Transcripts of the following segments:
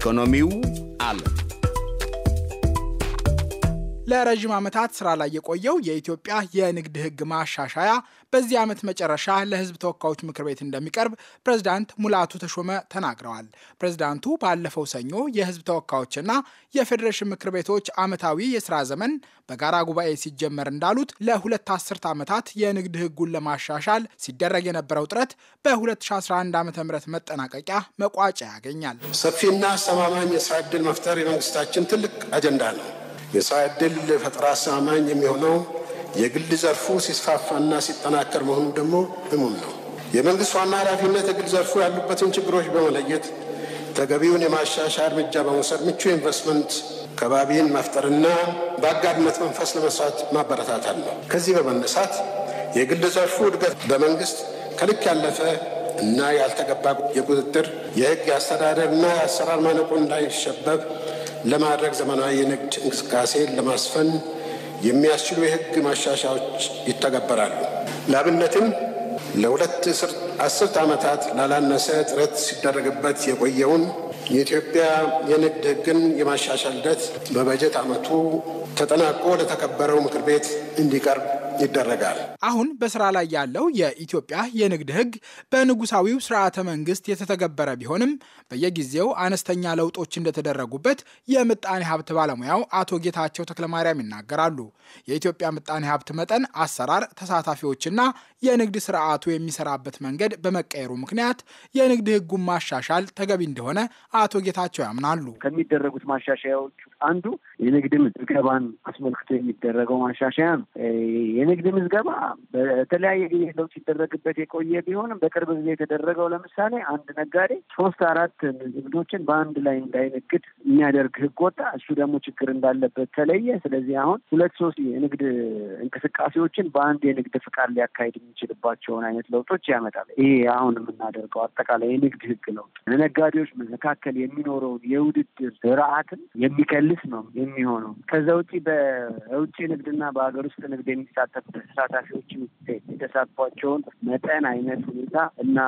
ኢኮኖሚው አለ። ለረዥም ዓመታት ስራ ላይ የቆየው የኢትዮጵያ የንግድ ሕግ ማሻሻያ በዚህ ዓመት መጨረሻ ለህዝብ ተወካዮች ምክር ቤት እንደሚቀርብ ፕሬዝዳንት ሙላቱ ተሾመ ተናግረዋል። ፕሬዝዳንቱ ባለፈው ሰኞ የህዝብ ተወካዮችና የፌዴሬሽን ምክር ቤቶች ዓመታዊ የስራ ዘመን በጋራ ጉባኤ ሲጀመር እንዳሉት ለሁለት አስርት ዓመታት የንግድ ህጉን ለማሻሻል ሲደረግ የነበረው ጥረት በ2011 ዓ ም መጠናቀቂያ መቋጫ ያገኛል። ሰፊና አስተማማኝ የስራ ዕድል መፍጠር የመንግስታችን ትልቅ አጀንዳ ነው። የስራ ዕድል ፈጠራ አስተማማኝ የሚሆነው የግል ዘርፉ ሲስፋፋና ሲጠናከር መሆኑ ደግሞ እሙን ነው። የመንግስት ዋና ኃላፊነት የግል ዘርፉ ያሉበትን ችግሮች በመለየት ተገቢውን የማሻሻያ እርምጃ በመውሰድ ምቹ ኢንቨስትመንት ከባቢን መፍጠርና በአጋድነት መንፈስ ለመስራት ማበረታታት ነው። ከዚህ በመነሳት የግል ዘርፉ እድገት በመንግስት ከልክ ያለፈ እና ያልተገባ የቁጥጥር የህግ፣ የአስተዳደር እና የአሰራር ማነቆ እንዳይሸበብ ለማድረግ ዘመናዊ የንግድ እንቅስቃሴን ለማስፈን የሚያስችሉ የህግ ማሻሻዎች ይተገበራሉ። ለአብነትም ለሁለት አስርት ዓመታት ላላነሰ ጥረት ሲደረግበት የቆየውን የኢትዮጵያ የንግድ ህግን የማሻሻል ሂደት በበጀት ዓመቱ ተጠናቆ ለተከበረው ምክር ቤት እንዲቀርብ ይደረጋል። አሁን በስራ ላይ ያለው የኢትዮጵያ የንግድ ህግ በንጉሳዊው ስርዓተ መንግስት የተተገበረ ቢሆንም በየጊዜው አነስተኛ ለውጦች እንደተደረጉበት የምጣኔ ሀብት ባለሙያው አቶ ጌታቸው ተክለማርያም ይናገራሉ። የኢትዮጵያ ምጣኔ ሀብት መጠን፣ አሰራር፣ ተሳታፊዎችና የንግድ ስርዓቱ የሚሰራበት መንገድ በመቀየሩ ምክንያት የንግድ ህጉን ማሻሻል ተገቢ እንደሆነ አቶ ጌታቸው ያምናሉ። ከሚደረጉት ማሻሻያዎቹ አንዱ የንግድ ምዝገባን አስመልክቶ የሚደረገው ማሻሻያ ነው። የንግድ ምዝገባ በተለያየ ጊዜ ለውጥ ሲደረግበት የቆየ ቢሆንም በቅርብ ጊዜ የተደረገው ለምሳሌ አንድ ነጋዴ ሶስት አራት ንግዶችን በአንድ ላይ እንዳይንግድ የሚያደርግ ህግ ወጣ። እሱ ደግሞ ችግር እንዳለበት ተለየ። ስለዚህ አሁን ሁለት ሶስት የንግድ እንቅስቃሴዎችን በአንድ የንግድ ፍቃድ ሊያካሂድ የሚችልባቸውን አይነት ለውጦች ያመጣል። ይሄ አሁን የምናደርገው አጠቃላይ የንግድ ህግ ለውጥ ለነጋዴዎች መካከል የሚኖረውን የውድድር ስርዓትን የሚከል ብልስ ነው የሚሆነው። ከዛ ውጭ በውጭ ንግድና በሀገር ውስጥ ንግድ የሚሳተፉ ተሳታፊዎች የተሳትፏቸውን መጠን፣ አይነት፣ ሁኔታ እና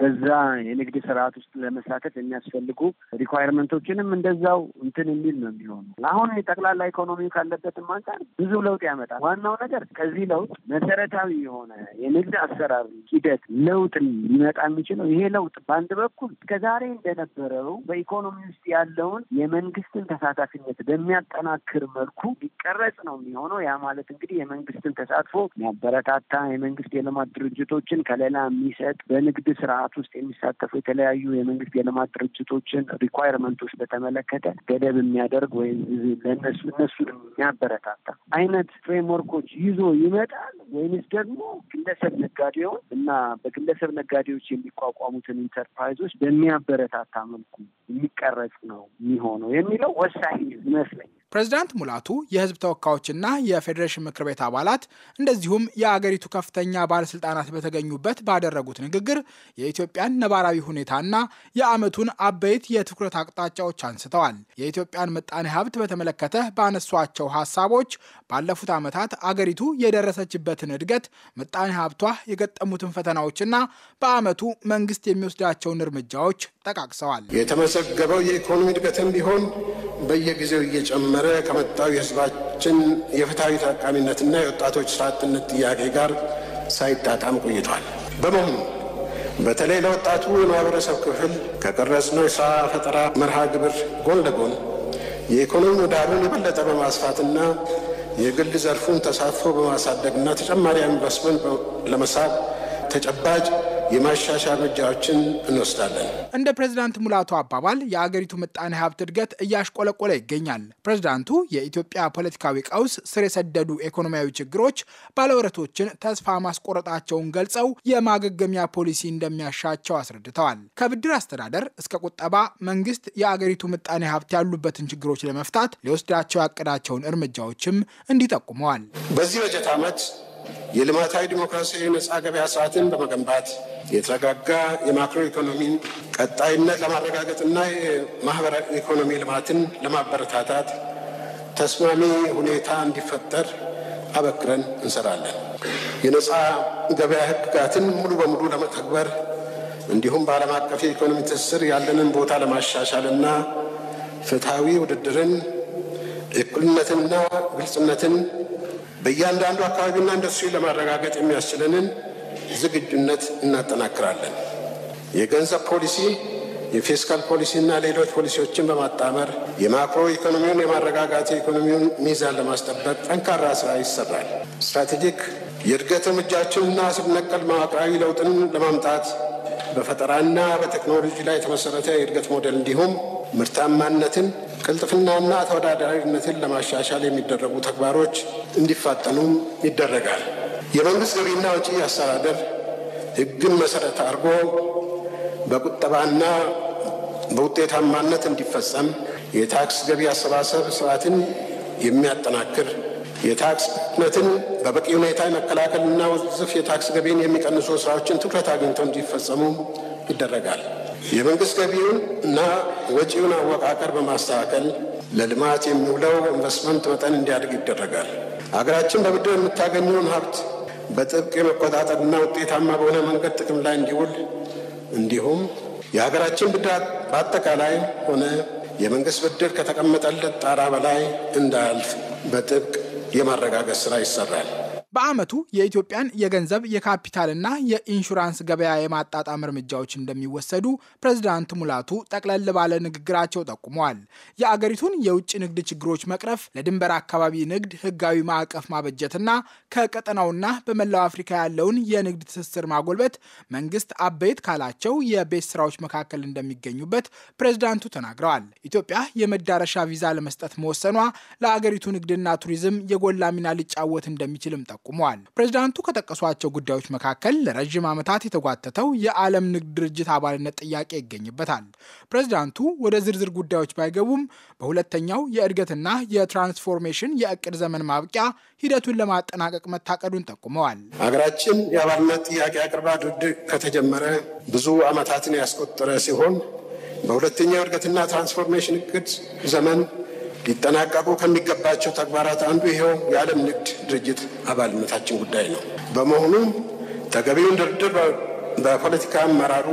በዛ የንግድ ስርዓት ውስጥ ለመሳተፍ የሚያስፈልጉ ሪኳየርመንቶችንም እንደዛው እንትን የሚል ነው የሚሆነው። አሁን ጠቅላላ ኢኮኖሚ ካለበትም አንጻር ብዙ ለውጥ ያመጣል። ዋናው ነገር ከዚህ ለውጥ መሰረታዊ የሆነ የንግድ አሰራር ሂደት ለውጥ ሊመጣ የሚችለው ይሄ ለውጥ በአንድ በኩል ከዛሬ እንደነበረው በኢኮኖሚ ውስጥ ያለውን የመንግስትን ተሳታፊ ተደራሽነት በሚያጠናክር መልኩ ሊቀረጽ ነው የሚሆነው። ያ ማለት እንግዲህ የመንግስትን ተሳትፎ የሚያበረታታ የመንግስት የልማት ድርጅቶችን ከሌላ የሚሰጥ በንግድ ስርዓት ውስጥ የሚሳተፉ የተለያዩ የመንግስት የልማት ድርጅቶችን ሪኳይርመንቶች በተመለከተ ገደብ የሚያደርግ ወይም ለእነሱ እነሱን የሚያበረታታ አይነት ፍሬምወርኮች ይዞ ይመጣል። ወይንስ ደግሞ ግለሰብ ነጋዴውን እና በግለሰብ ነጋዴዎች የሚቋቋሙትን ኢንተርፕራይዞች በሚያበረታታ መልኩ የሚቀረጽ ነው የሚሆነው የሚለው ወሳኝ ይመስለኛል። ፕሬዚዳንት ሙላቱ የህዝብ ተወካዮችና የፌዴሬሽን ምክር ቤት አባላት እንደዚሁም የአገሪቱ ከፍተኛ ባለስልጣናት በተገኙበት ባደረጉት ንግግር የኢትዮጵያን ነባራዊ ሁኔታና የዓመቱን አበይት የትኩረት አቅጣጫዎች አንስተዋል። የኢትዮጵያን ምጣኔ ሀብት በተመለከተ ባነሷቸው ሀሳቦች ባለፉት ዓመታት አገሪቱ የደረሰችበትን እድገት፣ ምጣኔ ሀብቷ የገጠሙትን ፈተናዎችና በዓመቱ መንግስት የሚወስዳቸውን እርምጃዎች ጠቃቅሰዋል። የተመዘገበው የኢኮኖሚ እድገትም ቢሆን በየጊዜው እየጨመረ እየተካረረ ከመጣው የህዝባችን የፍትሐዊ ተጠቃሚነትና የወጣቶች ስራ አጥነት ጥያቄ ጋር ሳይጣጣም ቆይቷል። በመሆኑ በተለይ ለወጣቱ የማህበረሰብ ክፍል ከቀረጽነው የስራ ፈጠራ መርሃ ግብር ጎን ለጎን የኢኮኖሚ ምህዳሩን የበለጠ በማስፋትና የግል ዘርፉን ተሳትፎ በማሳደግና ተጨማሪ ኢንቨስትመንት ለመሳብ ተጨባጭ የማሻሻያ እርምጃዎችን እንወስዳለን። እንደ ፕሬዚዳንት ሙላቱ አባባል የአገሪቱ ምጣኔ ሀብት እድገት እያሽቆለቆለ ይገኛል። ፕሬዚዳንቱ የኢትዮጵያ ፖለቲካዊ ቀውስ ስር የሰደዱ ኢኮኖሚያዊ ችግሮች ባለውረቶችን ተስፋ ማስቆረጣቸውን ገልጸው የማገገሚያ ፖሊሲ እንደሚያሻቸው አስረድተዋል። ከብድር አስተዳደር እስከ ቁጠባ መንግስት የአገሪቱ ምጣኔ ሀብት ያሉበትን ችግሮች ለመፍታት ሊወስዳቸው ያቀዳቸውን እርምጃዎችም እንዲጠቁመዋል። በዚህ በጀት ዓመት የልማታዊ ዲሞክራሲያዊ ነፃ ገበያ ስርዓትን በመገንባት የተረጋጋ የማክሮ ኢኮኖሚን ቀጣይነት ለማረጋገጥና የማህበራዊ ኢኮኖሚ ልማትን ለማበረታታት ተስማሚ ሁኔታ እንዲፈጠር አበክረን እንሰራለን። የነፃ ገበያ ህግጋትን ሙሉ በሙሉ ለመተግበር እንዲሁም በዓለም አቀፍ የኢኮኖሚ ትስስር ያለንን ቦታ ለማሻሻልና ፍትሐዊ ውድድርን፣ እኩልነትንና ግልጽነትን በእያንዳንዱ አካባቢና ኢንዱስትሪ ለማረጋገጥ የሚያስችለንን ዝግጁነት እናጠናክራለን። የገንዘብ ፖሊሲ የፊስካል ፖሊሲና ሌሎች ፖሊሲዎችን በማጣመር የማክሮ ኢኮኖሚውን የማረጋጋት የኢኮኖሚውን ሚዛን ለማስጠበቅ ጠንካራ ስራ ይሰራል። ስትራቴጂክ የእድገት እርምጃዎችንና ስር ነቀል መዋቅራዊ ለውጥን ለማምጣት በፈጠራና በቴክኖሎጂ ላይ የተመሰረተ የእድገት ሞዴል እንዲሁም ምርታማነትን ቅልጥፍናና ተወዳዳሪነትን ለማሻሻል የሚደረጉ ተግባሮች እንዲፋጠኑም ይደረጋል። የመንግስት ገቢና ወጪ አስተዳደር ህግን መሰረት አድርጎ በቁጠባና በውጤታማነት እንዲፈጸም የታክስ ገቢ አሰባሰብ ስርዓትን የሚያጠናክር የታክስ ነትን በበቂ ሁኔታ መከላከልና ውዝፍ የታክስ ገቢን የሚቀንሱ ስራዎችን ትኩረት አግኝተው እንዲፈጸሙ ይደረጋል። የመንግስት ገቢውን እና ወጪውን አወቃቀር በማስተካከል ለልማት የሚውለው ኢንቨስትመንት መጠን እንዲያድግ ይደረጋል። ሀገራችን በብድር የምታገኘውን ሀብት በጥብቅ የመቆጣጠርና ውጤታማ በሆነ መንገድ ጥቅም ላይ እንዲውል እንዲሁም የሀገራችን ብድር በአጠቃላይ ሆነ የመንግስት ብድር ከተቀመጠለት ጣራ በላይ እንዳያልፍ በጥብቅ የማረጋገጥ ስራ ይሰራል። በዓመቱ የኢትዮጵያን የገንዘብ የካፒታልና የኢንሹራንስ ገበያ የማጣጣም እርምጃዎች እንደሚወሰዱ ፕሬዚዳንት ሙላቱ ጠቅለል ባለ ንግግራቸው ጠቁመዋል። የአገሪቱን የውጭ ንግድ ችግሮች መቅረፍ፣ ለድንበር አካባቢ ንግድ ህጋዊ ማዕቀፍ ማበጀትና ከቀጠናውና በመላው አፍሪካ ያለውን የንግድ ትስስር ማጎልበት መንግስት አበይት ካላቸው የቤት ስራዎች መካከል እንደሚገኙበት ፕሬዚዳንቱ ተናግረዋል። ኢትዮጵያ የመዳረሻ ቪዛ ለመስጠት መወሰኗ ለአገሪቱ ንግድና ቱሪዝም የጎላ ሚና ሊጫወት እንደሚችልም ጠቁ ጠቁመዋል። ፕሬዚዳንቱ ከጠቀሷቸው ጉዳዮች መካከል ለረዥም ዓመታት የተጓተተው የዓለም ንግድ ድርጅት አባልነት ጥያቄ ይገኝበታል። ፕሬዚዳንቱ ወደ ዝርዝር ጉዳዮች ባይገቡም በሁለተኛው የእድገትና የትራንስፎርሜሽን የእቅድ ዘመን ማብቂያ ሂደቱን ለማጠናቀቅ መታቀዱን ጠቁመዋል። ሀገራችን የአባልነት ጥያቄ አቅርባ ድርድር ከተጀመረ ብዙ ዓመታትን ያስቆጠረ ሲሆን በሁለተኛው እድገትና ትራንስፎርሜሽን እቅድ ዘመን ሊጠናቀቁ ከሚገባቸው ተግባራት አንዱ ይኸው የዓለም ንግድ ድርጅት አባልነታችን ጉዳይ ነው። በመሆኑም ተገቢውን ድርድር በፖለቲካ አመራሩ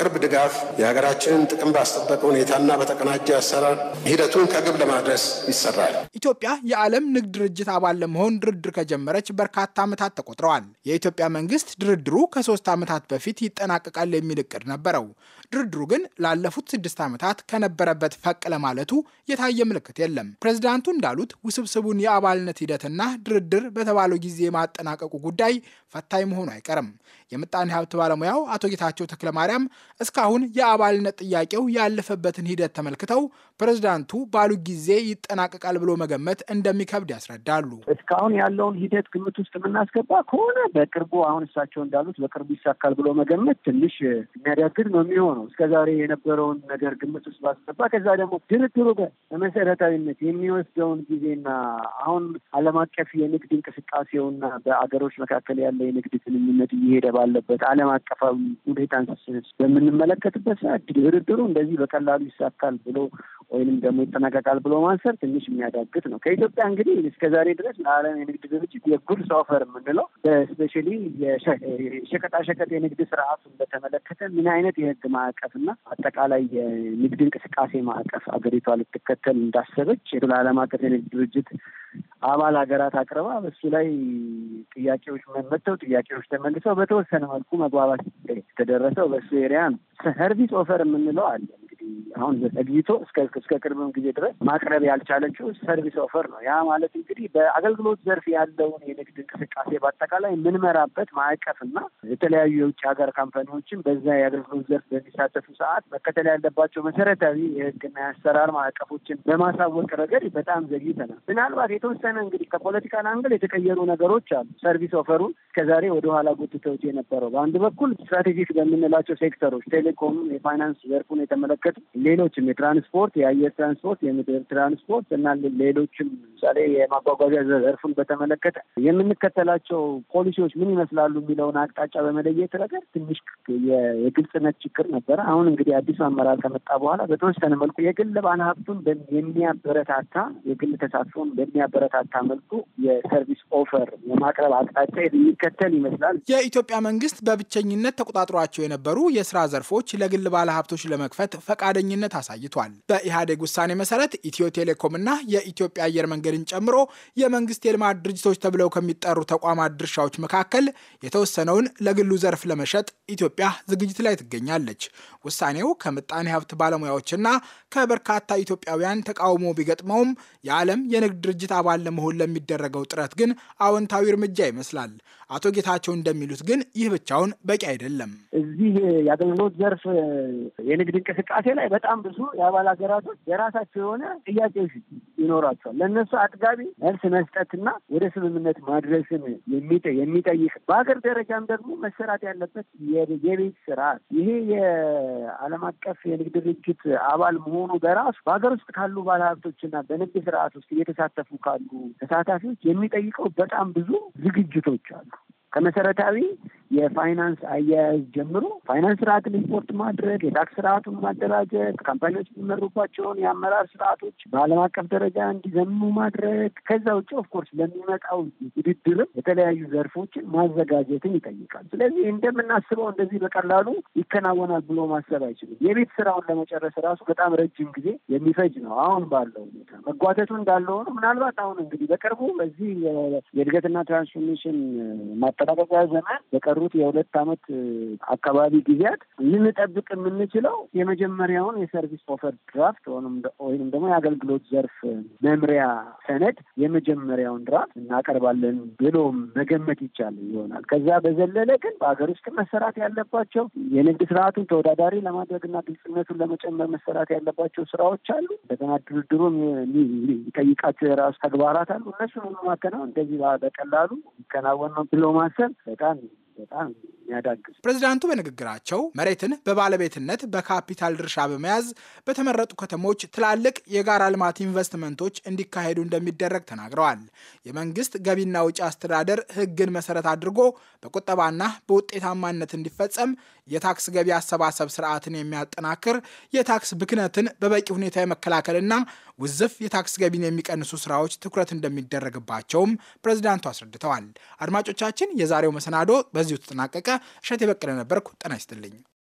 ቅርብ ድጋፍ የሀገራችንን ጥቅም ባስጠበቀ ሁኔታና በተቀናጀ አሰራር ሂደቱን ከግብ ለማድረስ ይሰራል። ኢትዮጵያ የዓለም ንግድ ድርጅት አባል ለመሆን ድርድር ከጀመረች በርካታ ዓመታት ተቆጥረዋል። የኢትዮጵያ መንግስት ድርድሩ ከሶስት ዓመታት በፊት ይጠናቀቃል የሚል እቅድ ነበረው። ድርድሩ ግን ላለፉት ስድስት ዓመታት ከነበረበት ፈቅ ለማለቱ የታየ ምልክት የለም። ፕሬዚዳንቱ እንዳሉት ውስብስቡን የአባልነት ሂደትና ድርድር በተባለው ጊዜ የማጠናቀቁ ጉዳይ ፈታኝ መሆኑ አይቀርም። የምጣኔ ሀብት ባለሙያው አቶ ጌታቸው ተክለማርያም እስካሁን የአባልነት ጥያቄው ያለፈበትን ሂደት ተመልክተው ፕሬዝዳንቱ ባሉ ጊዜ ይጠናቀቃል ብሎ መገመት እንደሚከብድ ያስረዳሉ። እስካሁን ያለውን ሂደት ግምት ውስጥ የምናስገባ ከሆነ በቅርቡ አሁን እሳቸው እንዳሉት በቅርቡ ይሳካል ብሎ መገመት ትንሽ የሚያዳግድ ነው የሚሆነው እስከዛሬ የነበረውን ነገር ግምት ውስጥ ባስገባ ከዛ ደግሞ ድርድሩ በመሰረታዊነት የሚወስደውን ጊዜና አሁን ዓለም አቀፍ የንግድ እንቅስቃሴውና በአገሮች መካከል ያለ የንግድ ግንኙነት እየሄደ ባለበት ዓለም አቀፋዊ ሁኔታን በምንመለከትበት ሰዓት ድርድሩ እንደዚህ በቀላሉ ይሳካል ብሎ ወይንም ደግሞ ይጠናቀቃል ብሎ ማንሰር ትንሽ የሚያዳግት ነው። ከኢትዮጵያ እንግዲህ እስከዛሬ ድረስ ለዓለም የንግድ ድርጅት የጉድስ ኦፈር የምንለው በስፔሻሊ የሸቀጣሸቀጥ የንግድ ስርዓቱን በተመለከተ ምን አይነት የህግ ማዕቀፍ እና አጠቃላይ የንግድ እንቅስቃሴ ማዕቀፍ አገሪቷ ልትከተል እንዳሰበች ለዓለም አቀፍ የንግድ ድርጅት አባል ሀገራት አቅርባ በሱ ላይ ጥያቄዎች መመተው ጥያቄዎች ተመልሰው በተወሰነ መልኩ መግባባት ተደረሰው በሱ ኤሪያ ነው። ኦፈር የምንለው አለ እንግዲህ አሁን ዘግይቶ እስከ ቅርብም ጊዜ ድረስ ማቅረብ ያልቻለችው ሰርቪስ ኦፈር ነው። ያ ማለት እንግዲህ በአገልግሎት ዘርፍ ያለውን የንግድ እንቅስቃሴ በአጠቃላይ የምንመራበት ማዕቀፍ ማዕቀፍና የተለያዩ የውጭ ሀገር ካምፓኒዎችን በዛ የአገልግሎት ዘርፍ በሚሳተፉ ሰዓት መከተል ያለባቸው መሰረታዊ የህግና የአሰራር ማዕቀፎችን በማሳወቅ ረገድ በጣም ዘግይተናል። ምናልባት የተወሰነ እንግዲህ ከፖለቲካል አንግል የተቀየሩ ነገሮች አሉ። ሰርቪስ ኦፈሩን እስከዛሬ ወደኋላ ጎትተውት የነበረው በአንድ በኩል ስትራቴጂክ በምንላቸው ሴክተሮች ቴሌኮም፣ የፋይናንስ ዘርፉን የተመለከቱ ሌሎችም የትራንስፖርት የአየር ትራንስፖርት፣ የምድር ትራንስፖርት እና ሌሎችም ምሳሌ የማጓጓዣ ዘርፉን በተመለከተ የምንከተላቸው ፖሊሲዎች ምን ይመስላሉ የሚለውን አቅጣጫ በመለየት ረገድ ትንሽ የግልጽነት ችግር ነበረ። አሁን እንግዲህ አዲሱ አመራር ከመጣ በኋላ በተወሰነ መልኩ የግል ባለሀብቱን ሀብቱን የሚያበረታታ የግል ተሳትፎን በሚያበረታታ መልኩ የሰርቪስ ኦፈር የማቅረብ አቅጣጫ የሚከተል ይመስላል። የኢትዮጵያ መንግስት በብቸኝነት ተቆጣጥሯቸው የነበሩ የስራ ዘርፎች ለግል ባለሀብቶች ለመክፈት ፈቃደኛ ቁርጠኝነት አሳይቷል። በኢህአዴግ ውሳኔ መሰረት ኢትዮ ቴሌኮምና የኢትዮጵያ አየር መንገድን ጨምሮ የመንግስት የልማት ድርጅቶች ተብለው ከሚጠሩ ተቋማት ድርሻዎች መካከል የተወሰነውን ለግሉ ዘርፍ ለመሸጥ ኢትዮጵያ ዝግጅት ላይ ትገኛለች። ውሳኔው ከምጣኔ ሀብት ባለሙያዎችና ከበርካታ ኢትዮጵያውያን ተቃውሞ ቢገጥመውም የዓለም የንግድ ድርጅት አባል ለመሆን ለሚደረገው ጥረት ግን አዎንታዊ እርምጃ ይመስላል። አቶ ጌታቸው እንደሚሉት ግን ይህ ብቻውን በቂ አይደለም። እዚህ የአገልግሎት ዘርፍ የንግድ እንቅስቃሴ ላይ በጣም ብዙ የአባል ሀገራቶች የራሳቸው የሆነ ጥያቄዎች ይኖራቸዋል። ለእነሱ አጥጋቢ መልስ መስጠትና ወደ ስምምነት ማድረስን የሚጠይቅ በሀገር ደረጃም ደግሞ መሰራት ያለበት የቤት ስርዓት ይሄ የዓለም አቀፍ የንግድ ድርጅት አባል መሆኑ በራሱ በሀገር ውስጥ ካሉ ባለሀብቶችና በንግድ ስርዓት ውስጥ እየተሳተፉ ካሉ ተሳታፊዎች የሚጠይቀው በጣም ብዙ ዝግጅቶች አሉ ከመሰረታዊ የፋይናንስ አያያዝ ጀምሮ ፋይናንስ ስርዓትን ሪፖርት ማድረግ፣ የታክስ ስርዓቱን ማደራጀት፣ ካምፓኒዎች የሚመሩባቸውን የአመራር ስርዓቶች በዓለም አቀፍ ደረጃ እንዲዘምኑ ማድረግ፣ ከዛ ውጭ ኦፍኮርስ ለሚመጣው ውድድርም የተለያዩ ዘርፎችን ማዘጋጀትን ይጠይቃል። ስለዚህ እንደምናስበው እንደዚህ በቀላሉ ይከናወናል ብሎ ማሰብ አይችልም። የቤት ስራውን ለመጨረስ ራሱ በጣም ረጅም ጊዜ የሚፈጅ ነው አሁን ባለው መጓተቱ እንዳለ ሆኖ ምናልባት አሁን እንግዲህ በቅርቡ በዚህ የእድገትና ትራንስፎርሜሽን ማጠናቀቂያ ዘመን በቀሩት የሁለት ዓመት አካባቢ ጊዜያት ልንጠብቅ የምንችለው የመጀመሪያውን የሰርቪስ ኦፈር ድራፍት ወይም ደግሞ የአገልግሎት ዘርፍ መምሪያ ሰነድ የመጀመሪያውን ድራፍት እናቀርባለን ብሎ መገመት ይቻል ይሆናል። ከዛ በዘለለ ግን በሀገር ውስጥ መሰራት ያለባቸው የንግድ ስርዓቱን ተወዳዳሪ ለማድረግና ግልጽነቱን ለመጨመር መሰራት ያለባቸው ስራዎች አሉ። እንደገና ድርድሩ የሚጠይቃቸው የራሱ ተግባራት አሉ። እነሱን ሁሉ ማከናወን እንደዚህ በቀላሉ ይከናወን ነው ብሎ ማሰብ በጣም በጣም የሚያዳግስ። ፕሬዚዳንቱ በንግግራቸው መሬትን በባለቤትነት በካፒታል ድርሻ በመያዝ በተመረጡ ከተሞች ትላልቅ የጋራ ልማት ኢንቨስትመንቶች እንዲካሄዱ እንደሚደረግ ተናግረዋል። የመንግስት ገቢና ውጪ አስተዳደር ህግን መሰረት አድርጎ በቁጠባና በውጤታማነት እንዲፈጸም የታክስ ገቢ አሰባሰብ ስርዓትን የሚያጠናክር የታክስ ብክነትን በበቂ ሁኔታ የመከላከልና ውዝፍ የታክስ ገቢን የሚቀንሱ ስራዎች ትኩረት እንደሚደረግባቸውም ፕሬዚዳንቱ አስረድተዋል። አድማጮቻችን፣ የዛሬው መሰናዶ በዚሁ ተጠናቀቀ። እሸት የበቀለ ነበርኩ። ጤና ይስጥልኝ።